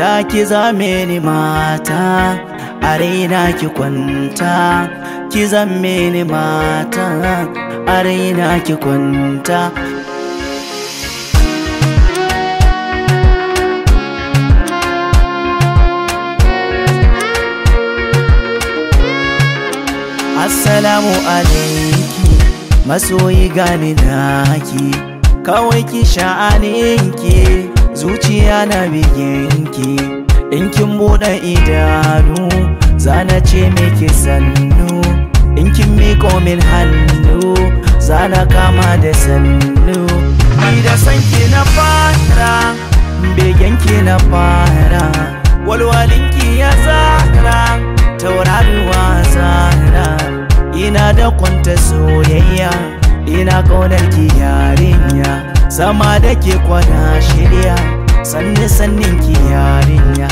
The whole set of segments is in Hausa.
da ki zame ni mata a raina ki kwanta ki zame ni mata a raina ki kwanta Assalamu alaiki masoyi gani naki kawai ki sha'aninki zuciya na biginki in kin buɗe idanu zana ce ke sannu in kin miko min hannu zana kama da sannu ni da sanki na fara begenki na fara walwalinki ya zara tauraruwa zara ina da kwanta soyayya ina ƙaunar ki yarinya sama da ke kwana shirya sanne sannin ki yarinya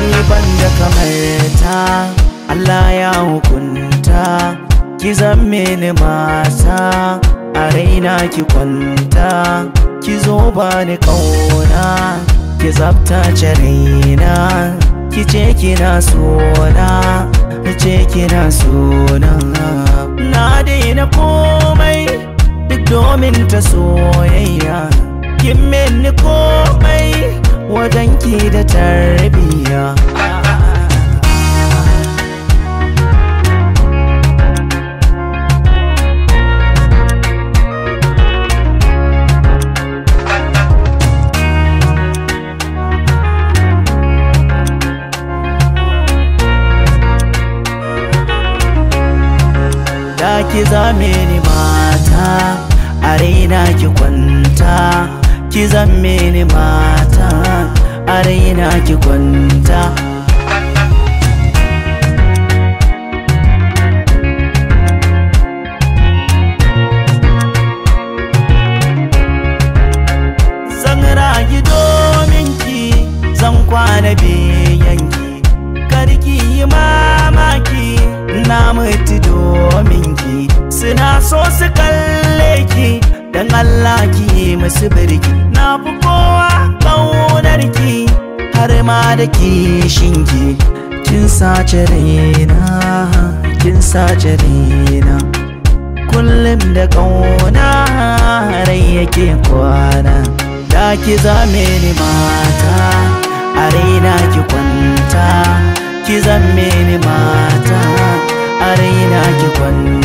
ni ban da kamar Allah ya hukunta ki zamme ni mata a raina ki kwanta ki zo ba ni kauna ki zabta raina ki ce kina sona ce kina sona na daina komai duk domin ta soyayya kin mini komai wajen ki da tarbiyya ki zame ni mata a raina ki kwanta ki zame ni mata a ki kwanta zan rayu domin ki zan kwana biyanki dan Allah ki musu birki na fi kowa kaunar ki har ma da kishin ki kin sace raina kin sace raina kullum da kauna rai yake kwana da ki zame ni mata a ki kwanta ki zame ni mata a ki kwanta